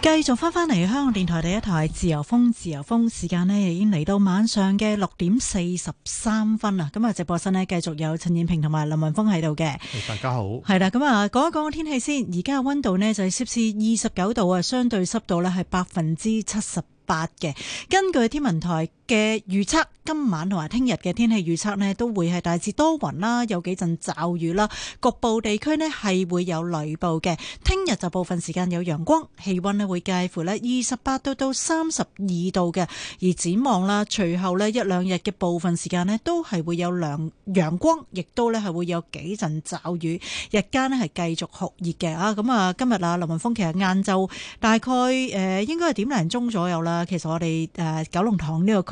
繼續翻翻嚟香港電台第一台自由風，自由風時間咧已經嚟到晚上嘅六點四十三分啦。咁啊，直播室呢，繼續有陳燕萍同埋林云峰喺度嘅。大家好，係啦，咁、嗯、啊，講一講天氣先。而家嘅溫度呢，就係攝氏二十九度啊，相對濕度呢係百分之七十八嘅。根據天文台。嘅預測，今晚同埋聽日嘅天氣預測呢，都會係大致多雲啦，有幾陣驟雨啦，局部地區呢，係會有雷暴嘅。聽日就部分時間有陽光，氣温呢會介乎呢二十八度到三十二度嘅。而展望啦，隨後呢一兩日嘅部分時間呢，都係會有陽光，亦都呢係會有幾陣驟雨，日間呢係繼續酷熱嘅啊。咁啊，今日啊，林雲峰其實晏晝大概誒、呃、應該係點零鐘左右啦。其實我哋誒、呃、九龍塘呢個。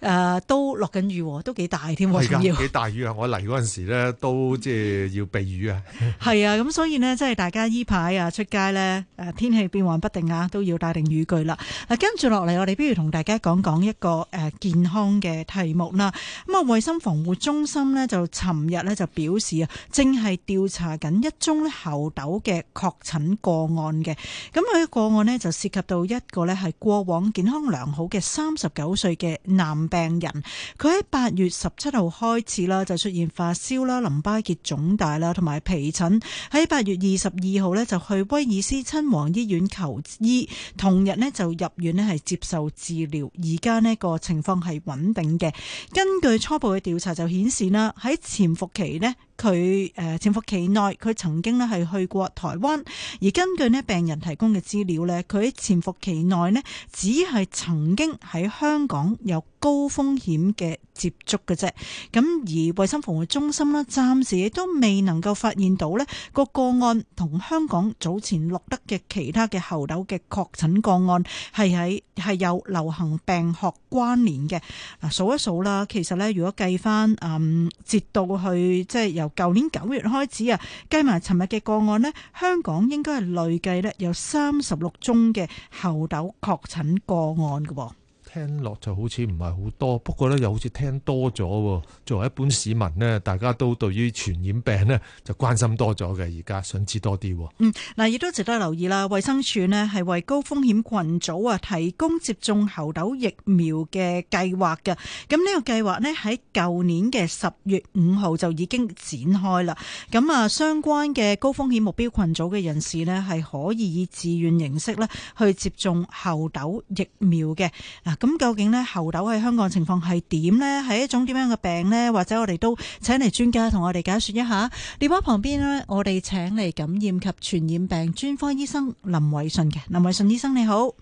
誒、呃，都落緊雨，都幾大添喎！係㗎的，幾大雨啊！ 我嚟嗰陣時呢，都即係要避雨啊！係 啊，咁、嗯、所以呢，即係大家依排啊出街呢，天氣變幻不定啊，都要帶定雨具啦。跟住落嚟，我哋不如同大家講講一個健康嘅題目啦。咁啊，衞生防護中心呢，就尋日呢就表示啊，正係調查緊一宗猴痘嘅確診個案嘅。咁、那、佢、個、個案呢，就涉及到一個呢係過往健康良好嘅三十九歲嘅男。病人佢喺八月十七號開始啦，就出現發燒啦、淋巴結腫大啦，同埋皮疹。喺八月二十二號呢，就去威爾斯親王醫院求醫，同日呢，就入院呢係接受治療。而家呢個情況係穩定嘅。根據初步嘅調查就顯示啦，喺潛伏期呢。佢誒，潛伏期內，佢曾經咧係去過台灣，而根據咧病人提供嘅資料呢，佢喺潛伏期內呢，只係曾經喺香港有高風險嘅接觸嘅啫。咁而衞生防護中心呢，暫時亦都未能夠發現到呢個個案同香港早前錄得嘅其他嘅猴痘嘅確診個案係喺係有流行病學。關聯嘅嗱，數一數啦，其實咧如果計翻，嗯，截到去即係由舊年九月開始啊，計埋尋日嘅個案呢，香港應該係累計咧有三十六宗嘅猴痘確診個案喎。聽落就好似唔係好多，不過呢又好似聽多咗喎。作為一般市民呢，大家都對於傳染病呢就關心多咗嘅，而家想知多啲。嗯，嗱，亦都值得留意啦。衛生署呢係為高風險群組啊提供接種猴痘疫苗嘅計劃嘅。咁呢個計劃呢，喺舊年嘅十月五號就已經展開啦。咁啊，相關嘅高風險目標群組嘅人士呢，係可以以自願形式呢去接種猴痘疫苗嘅嗱。咁究竟猴在呢？猴痘喺香港情況係點呢？係一種點樣嘅病呢？或者我哋都請嚟專家同我哋解說一下。電話旁邊呢，我哋請嚟感染及傳染病專科醫生林緯遜嘅。林緯遜醫生你好，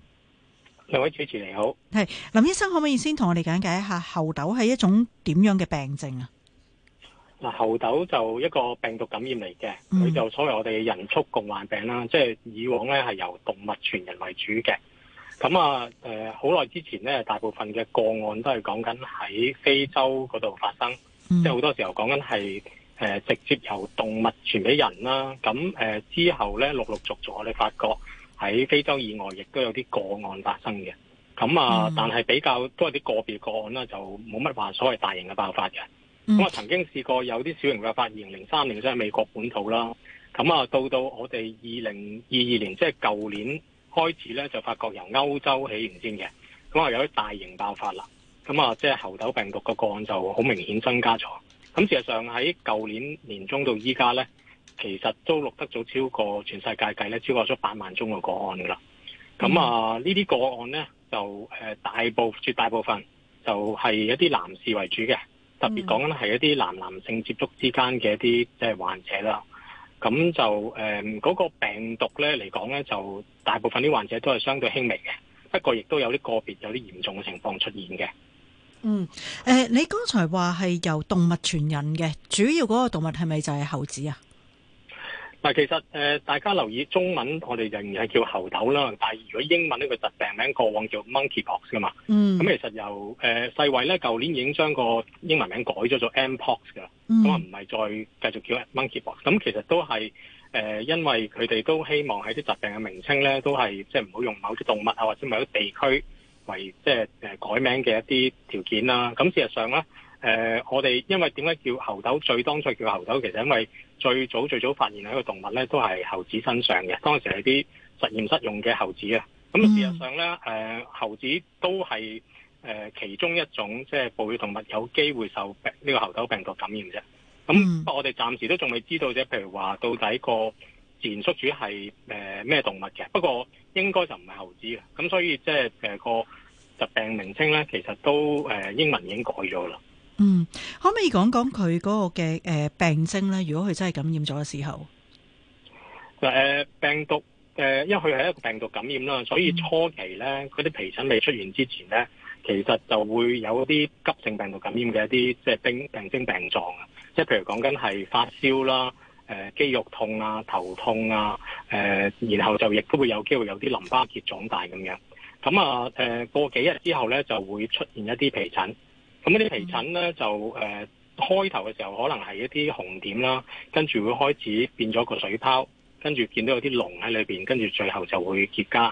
兩位主持人你好。係林醫生可唔可以先同我哋講解一下猴痘係一種點樣嘅病症啊？嗱，猴痘就一個病毒感染嚟嘅，佢、嗯、就所謂我哋人畜共患病啦，即係以往呢係由動物傳人為主嘅。咁啊，誒好耐之前咧，大部分嘅個案都係講緊喺非洲嗰度發生，mm. 即係好多時候講緊係誒直接由動物傳俾人啦。咁誒、啊、之後咧，陸陸續續我哋發覺喺非洲以外，亦都有啲個案發生嘅。咁啊，mm. 但係比較都係啲個別個案啦，就冇乜話所謂大型嘅爆發嘅。咁啊，曾經試過有啲小型嘅發現，零三年就係、是、美國本土啦。咁、mm. 啊，到到我哋二零二二年，即係舊年。開始咧就發覺由歐洲起型先嘅，咁啊有啲大型爆發啦，咁啊即係猴痘病毒個個案就好明顯增加咗。咁事實上喺舊年年中到依家咧，其實都錄得咗超過全世界計咧超過咗八萬宗嘅個案噶啦。咁啊呢啲、嗯、個案咧就誒大部絕大部分就係一啲男士為主嘅，特別講緊係一啲男男性接觸之間嘅一啲即係患者啦。咁就誒嗰個病毒咧嚟講咧，就大部分啲患者都係相對輕微嘅，不過亦都有啲個別有啲嚴重嘅情況出現嘅。嗯，誒，你剛才話係由動物傳人嘅，主要嗰個動物係咪就係猴子啊？嗱，其實誒，大家留意中文，我哋仍然係叫猴痘啦。但係如果英文呢個疾病名過往叫 monkeypox 嘅嘛，咁、嗯、其實由誒世衞咧，舊年已經將個英文名改咗做 M-pox 噶啦，咁啊唔係再繼續叫 monkeypox。咁其實都係誒，因為佢哋都希望喺啲疾病嘅名稱咧，都係即係唔好用某啲動物啊，或者某啲地區為即係誒改名嘅一啲條件啦、啊。咁事實上咧。誒、呃，我哋因為點解叫猴痘？最當初叫猴痘，其實因為最早最早發現喺個動物咧，都係猴子身上嘅。當時係啲實驗室用嘅猴子啊。咁事實上咧，誒、mm hmm. 呃，猴子都係誒、呃、其中一種即係哺乳動物有機會受呢個猴痘病毒感染啫。咁、mm hmm. 我哋暫時都仲未知道啫。譬如話到底個自然宿主係誒咩動物嘅？不過應該就唔係猴子嘅。咁所以即係誒個疾病名稱咧，其實都誒、呃、英文已經改咗啦。嗯，可唔可以講講佢嗰個嘅誒病徵咧？如果佢真係感染咗嘅時候，誒病毒誒，因為佢係一個病毒感染啦，所以初期咧佢啲皮疹未出現之前咧，其實就會有啲急性病毒感染嘅一啲即係病病徵病狀啊，即係譬如講緊係發燒啦、誒肌肉痛啊、頭痛啊、誒然後就亦都會有機會有啲淋巴結腫大咁樣，咁啊誒過幾日之後咧就會出現一啲皮疹。咁啲皮疹咧就誒、呃、開頭嘅時候可能係一啲紅點啦，跟住會開始變咗個水泡，跟住見到有啲膿喺裏面，跟住最後就會結痂。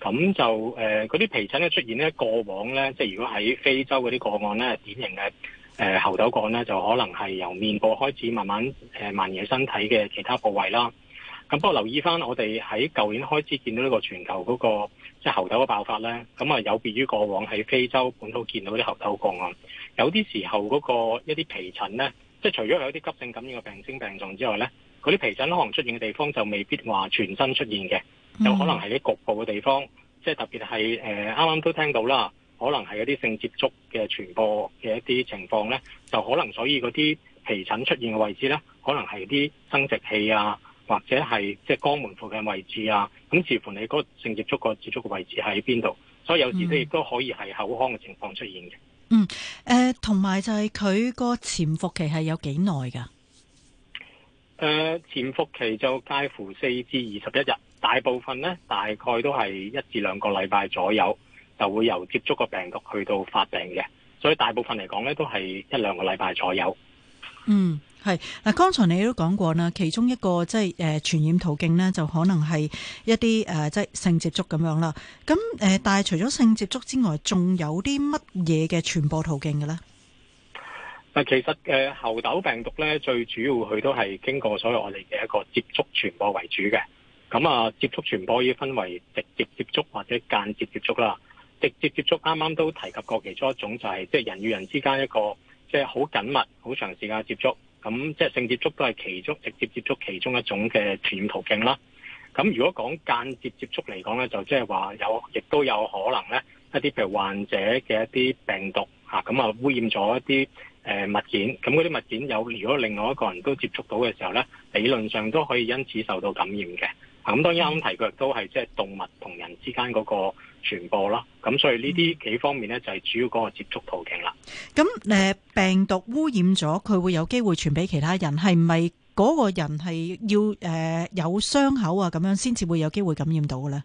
咁就誒嗰啲皮疹咧出現咧，過往咧即係如果喺非洲嗰啲個案咧，典型嘅誒喉頭幹咧，就可能係由面部開始，慢慢誒蔓延身體嘅其他部位啦。咁不過留意翻，我哋喺舊年開始見到呢個全球嗰、那個即係猴痘嘅爆發呢，咁啊，有別於過往喺非洲本土見到啲猴痘個案，有啲時候嗰個一啲皮疹呢，即係除咗有啲急性感染嘅病徵病狀之外呢，嗰啲皮疹可能出現嘅地方就未必話全身出現嘅，有可能係啲局部嘅地方。即係特別係誒啱啱都聽到啦，可能係一啲性接觸嘅傳播嘅一啲情況呢，就可能所以嗰啲皮疹出現嘅位置呢，可能係啲生殖器啊。或者係即係肛門附近嘅位置啊，咁視乎你嗰個性接觸個接觸嘅位置喺邊度，所以有時咧亦都可以係口腔嘅情況出現嘅。嗯，誒、呃，同埋就係佢個潛伏期係有幾耐噶？誒、呃，潛伏期就介乎四至二十一日，大部分呢大概都係一至兩個禮拜左右就會由接觸個病毒去到發病嘅，所以大部分嚟講呢都係一兩個禮拜左右。嗯。係嗱，剛才你都講過啦，其中一個即係誒傳染途徑咧，就可能係一啲誒即係性接觸咁樣啦。咁誒，但係除咗性接觸之外，仲有啲乜嘢嘅傳播途徑嘅咧？嗱，其實誒猴痘病毒咧，最主要佢都係經過所有我哋嘅一個接觸傳播為主嘅。咁啊，接觸傳播已分為直接接觸或者間接接觸啦。直接接觸啱啱都提及過，其中一種就係即係人與人之間一個即係好緊密、好長時間嘅接觸。咁即係性接觸都係其中直接接觸其中一種嘅傳染途徑啦。咁如果講間接接觸嚟講咧，就即係話有，亦都有可能咧，一啲譬如患者嘅一啲病毒吓咁啊污染咗一啲、呃、物件，咁嗰啲物件有，如果另外一個人都接觸到嘅時候咧，理論上都可以因此受到感染嘅。咁當然啱提嘅都係即係動物同人之間嗰個傳播啦。咁所以呢啲幾方面咧，就係主要嗰個接觸途徑啦。咁、嗯、病毒污染咗，佢會有機會傳俾其他人，係咪嗰個人係要、呃、有傷口啊？咁樣先至會有機會感染到嘅咧？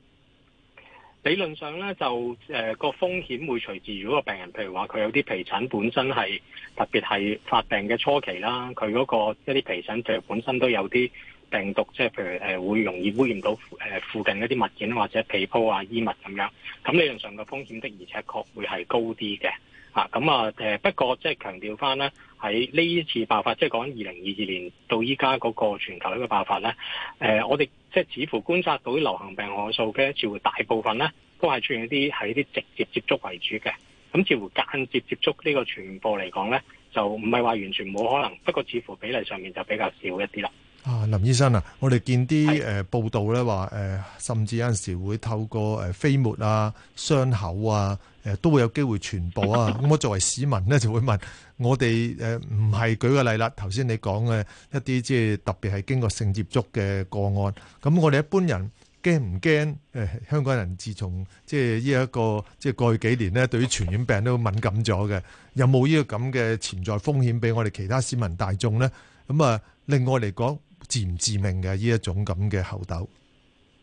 理論上咧，就個、呃、風險會隨住如果個病人，譬如話佢有啲皮疹、那個就是、皮疹，本身係特別係發病嘅初期啦，佢嗰個一啲皮疹其實本身都有啲。病毒即係譬如誒會容易污染到附近嗰啲物件或者被鋪啊、衣物咁樣，咁理論上嘅風險的而且確會係高啲嘅嚇。咁啊不過即係強調翻咧，喺呢次爆發，即係講緊二零二二年到依家嗰個全球嘅爆發咧，誒我哋即係似乎觀察到啲流行病學數嘅，似乎大部分咧都係出現一啲喺啲直接接觸為主嘅，咁似乎間接接觸呢個傳播嚟講咧，就唔係話完全冇可能，不過似乎比例上面就比較少一啲啦。啊，林醫生啊，我哋見啲誒報道咧話誒，甚至有陣時會透過誒飛沫啊、傷口啊，誒都會有機會傳播啊。咁我作為市民咧，就會問我哋誒唔係舉個例啦。頭先你講嘅一啲即係特別係經過性接觸嘅個案，咁我哋一般人驚唔驚？誒香港人自從即係呢一個即係過去幾年咧，對於傳染病都敏感咗嘅，有冇呢個咁嘅潛在風險俾我哋其他市民大眾咧？咁啊，另外嚟講。致唔致命嘅呢一種咁嘅猴痘。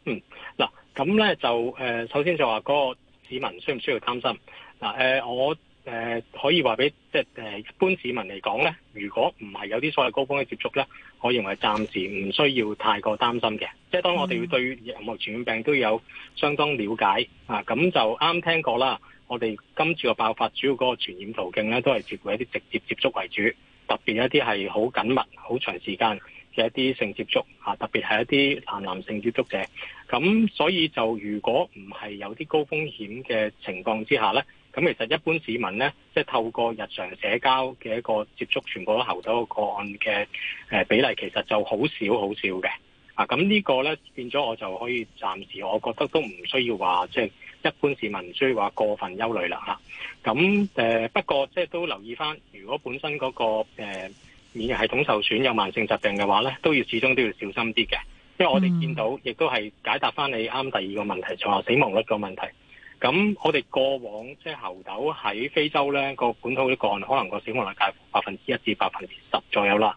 嗯，嗱，咁咧就誒，首先就話嗰個市民需唔需要擔心？嗱、嗯，我、呃、可以話俾即係一般市民嚟講咧，如果唔係有啲所謂高峰嘅接觸咧，我認為暫時唔需要太過擔心嘅。即係當我哋對任何傳染病都有相當了解啊，咁就啱聽過啦。我哋今次嘅爆發主要嗰個傳染途徑咧，都係接部一啲直接接觸為主，特別一啲係好緊密、好長時間。一啲性接觸，啊，特別係一啲男男性接觸者，咁所以就如果唔係有啲高風險嘅情況之下咧，咁其實一般市民咧，即係透過日常社交嘅一個接觸，全部都猴痘個案嘅誒比例，其實就好少好少嘅啊。咁呢個咧變咗，我就可以暫時，我覺得都唔需要話即係一般市民唔需要話過分憂慮啦嚇。咁誒不過即係都留意翻，如果本身嗰個誒免疫系統受損有慢性疾病嘅話咧，都要始終都要小心啲嘅，因為我哋見到亦、嗯、都係解答翻你啱第二個問題，仲有死亡率個問題。咁我哋過往即係、就是、猴痘喺非洲咧、那個本土啲個案，可能個死亡率介乎百分之一至百分之十左右啦。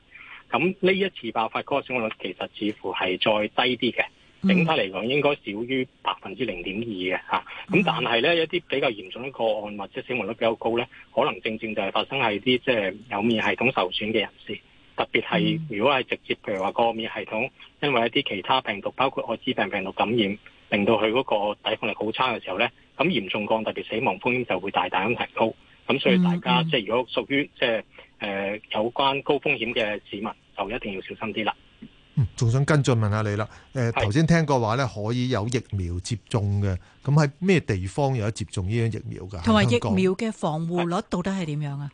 咁呢一次爆發嗰個死亡率其實似乎係再低啲嘅。嗯、整體嚟講應該少於百分之零點二嘅吓，咁但係咧、嗯、一啲比較嚴重嘅個案或者死亡率比較高咧，可能正正就係發生喺啲即係有免疫系統受損嘅人士，特別係、嗯、如果係直接譬如話個免疫系統因為一啲其他病毒包括艾滋病病毒感染，令到佢嗰個抵抗力好差嘅時候咧，咁嚴重降特別死亡風險就會大大咁提高，咁所以大家、嗯嗯、即係如果屬於即係、呃、有關高風險嘅市民，就一定要小心啲啦。仲、嗯、想跟進問下你啦，誒、呃，頭先是聽過話咧，可以有疫苗接種嘅，咁喺咩地方有得接種呢樣疫苗噶？同埋疫苗嘅防護率到底係點樣啊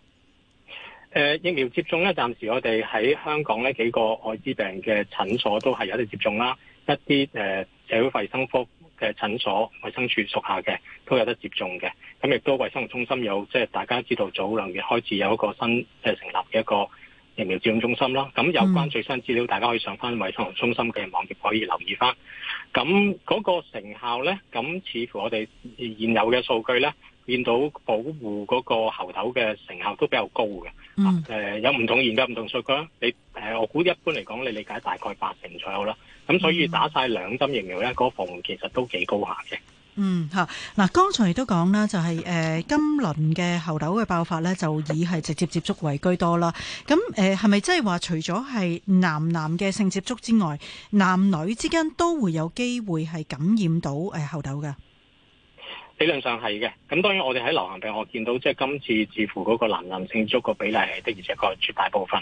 是、呃？疫苗接種咧，暫時我哋喺香港呢幾個愛滋病嘅診所都係有得接種啦，一啲誒社會衛生科嘅診所，衛生署屬下嘅都有得接種嘅，咁亦都衛生服務中心有即係、就是、大家知道早兩月開始有一個新、就是、成立嘅一個。疫苗接種中心啦，咁有關最新資料，嗯、大家可以上翻衞生中心嘅網頁可以留意翻。咁嗰個成效咧，咁似乎我哋現有嘅數據咧，見到保護嗰個猴痘嘅成效都比較高嘅。嗯，誒、呃、有唔同研究唔同數據，你誒我估一般嚟講，你理解大概八成左右啦。咁所以打晒兩針疫苗咧，嗰、那個防護其實都幾高下嘅。嗯嚇，嗱，剛才都講啦，就係、是、誒今輪嘅猴痘嘅爆發咧，就以係直接接觸為居多啦。咁誒，係咪即係話除咗係男男嘅性接觸之外，男女之間都會有機會係感染到誒猴痘㗎？理論上係嘅。咁當然我哋喺流行病學見到，即係今次似乎嗰個男男性接觸個比例係的而且確絕大部分。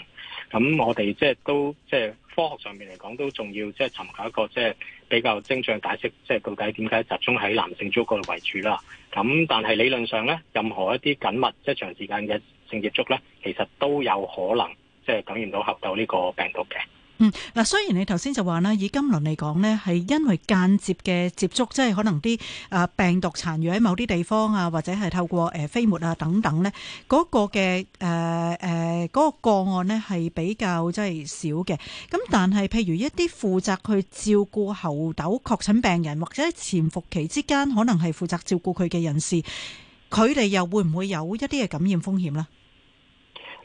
咁我哋即係都即係。科學上面嚟講，都仲要即係尋求一個即係比較精準解釋，即係到底點解集中喺男性組嗰度為主啦。咁但係理論上咧，任何一啲緊密即係長時間嘅性接觸咧，其實都有可能即係感染到猴痘呢個病毒嘅。嗯，嗱，雖然你頭先就話咧，以今輪嚟講呢係因為間接嘅接觸，即係可能啲啊病毒殘餘喺某啲地方啊，或者係透過誒飛沫啊等等呢嗰、嗰個嘅誒誒個個案呢係比較即係少嘅。咁但係，譬如一啲負責去照顧猴痘確診病人或者潛伏期之間，可能係負責照顧佢嘅人士，佢哋又會唔會有一啲嘅感染風險呢？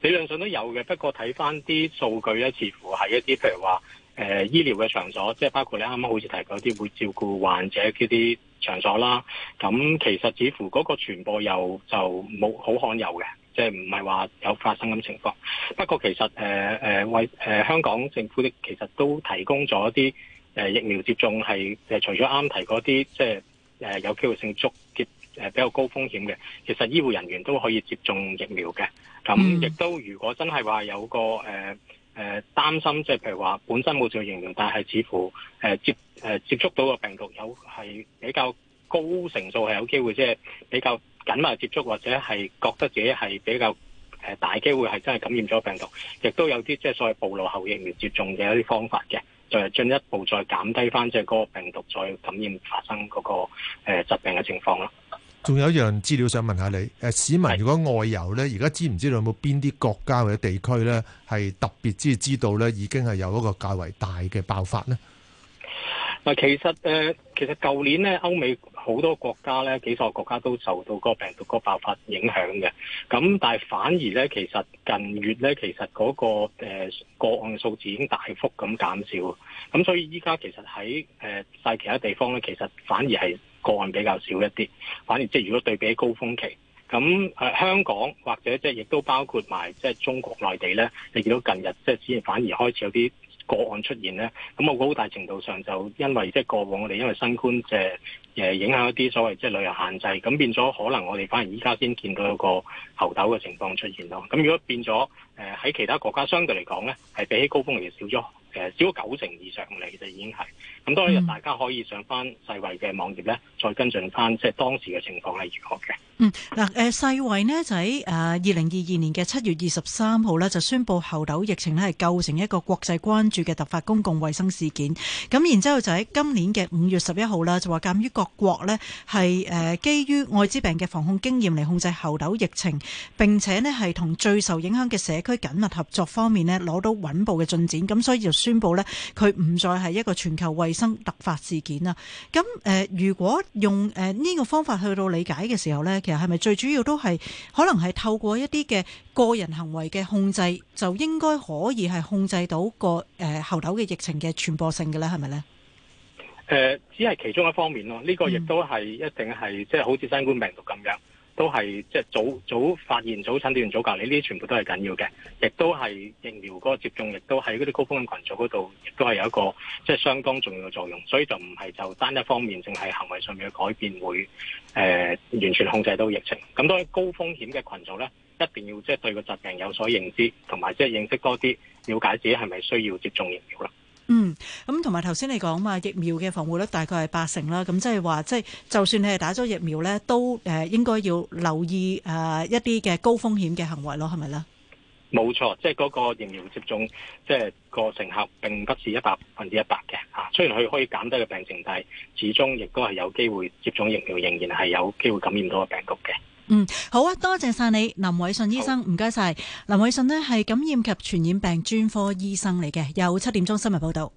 理論上都有嘅，不過睇翻啲數據咧，似乎係一啲譬如話，誒、呃、醫療嘅場所，即係包括你啱啱好似提過啲會照顧患者呢啲場所啦。咁其實似乎嗰個傳播又就冇好罕有嘅，即係唔係話有發生咁情況。不過其實誒誒、呃、為誒、呃、香港政府咧，其實都提供咗啲誒疫苗接種，係誒除咗啱啱提過啲，即係誒、呃、有機會性捉。嘅。誒，比較高風險嘅，其實醫護人員都可以接種疫苗嘅。咁亦、mm. 都，如果真係話有個誒誒、呃呃、擔心，即、就、係、是、譬如話本身冇做疫苗，但係似乎誒、呃、接、呃、接觸到個病毒有係比較高成數係有機會，即、就、係、是、比較緊密接觸或者係覺得自己係比較大機會係真係感染咗病毒，亦都有啲即係所謂暴露後疫苗接種嘅一啲方法嘅，就係進一步再減低返即係嗰個病毒再感染發生嗰、那個、呃、疾病嘅情況啦。仲有一樣資料想問下你，誒，市民如果外遊呢，而家知唔知道有冇邊啲國家或者地區呢？係特別之知道呢已經係有嗰個較為大嘅爆發呢。嗱，其實誒，其實舊年呢，歐美好多國家呢，幾十個國家都受到個病毒個爆發影響嘅。咁但係反而呢，其實近月呢，其實嗰個誒個案數字已經大幅咁減少。咁所以依家其實喺誒晒其他地方呢，其實反而係。個案比較少一啲，反而即如果對比起高峰期，咁香港或者即亦都包括埋即中國內地咧，你見到近日即只反而開始有啲個案出現咧，咁我覺得好大程度上就因為即係過往我哋因為新冠即影響一啲所謂即旅遊限制，咁變咗可能我哋反而依家先見到有個猴痘嘅情況出現咯。咁如果變咗誒喺其他國家，相對嚟講咧，係比起高峰期少咗少咗九成以上嚟，其實已經係咁。當然大家可以上翻世衞嘅網頁咧。再跟進翻，即係當時嘅情況係如何嘅？嗯，嗱、呃，誒世衛呢就喺誒二零二二年嘅七月二十三號呢，就宣布猴痘疫情呢，係構成一個國際關注嘅突發公共衛生事件。咁然之後就在，就喺今年嘅五月十一號啦，就話鑒於各國呢，係誒、呃、基於艾滋病嘅防控經驗嚟控制猴痘疫情，並且呢，係同最受影響嘅社區緊密合作方面呢，攞到穩步嘅進展，咁所以就宣布呢，佢唔再係一個全球衛生突發事件啦。咁誒、呃，如果用誒呢個方法去到理解嘅時候呢，其實係咪最主要都係可能係透過一啲嘅個人行為嘅控制，就應該可以係控制到個誒、呃、猴痘嘅疫情嘅傳播性嘅呢？係咪呢？誒、呃，只係其中一方面咯，呢、這個亦都係一定係即係好似新冠病毒咁樣。都係即係早早發現、早診斷、早隔離，呢啲全部都係緊要嘅，亦都係疫苗嗰個接種，亦都喺嗰啲高風險群組嗰度，亦都係有一個即係、就是、相當重要嘅作用。所以就唔係就單一方面，淨係行為上面嘅改變會誒、呃、完全控制到疫情。咁當然高風險嘅群組咧，一定要即係、就是、對個疾病有所認知，同埋即係認識多啲，瞭解自己係咪需要接種疫苗啦。嗯，咁同埋頭先你講嘛，疫苗嘅防護率大概係八成啦，咁即係話即係就算你係打咗疫苗咧，都誒應該要留意誒一啲嘅高風險嘅行為咯，係咪啦？冇錯，即係嗰個疫苗接種，即係個成效並不是一百分之一百嘅嚇。雖然佢可以減低個病情，但係始終亦都係有機會接種疫苗，仍然係有機會感染到個病毒嘅。嗯，好啊，多謝晒你，林緯遜醫生，唔該晒。林緯遜呢係感染及傳染病專科醫生嚟嘅，有七點鐘新聞報道。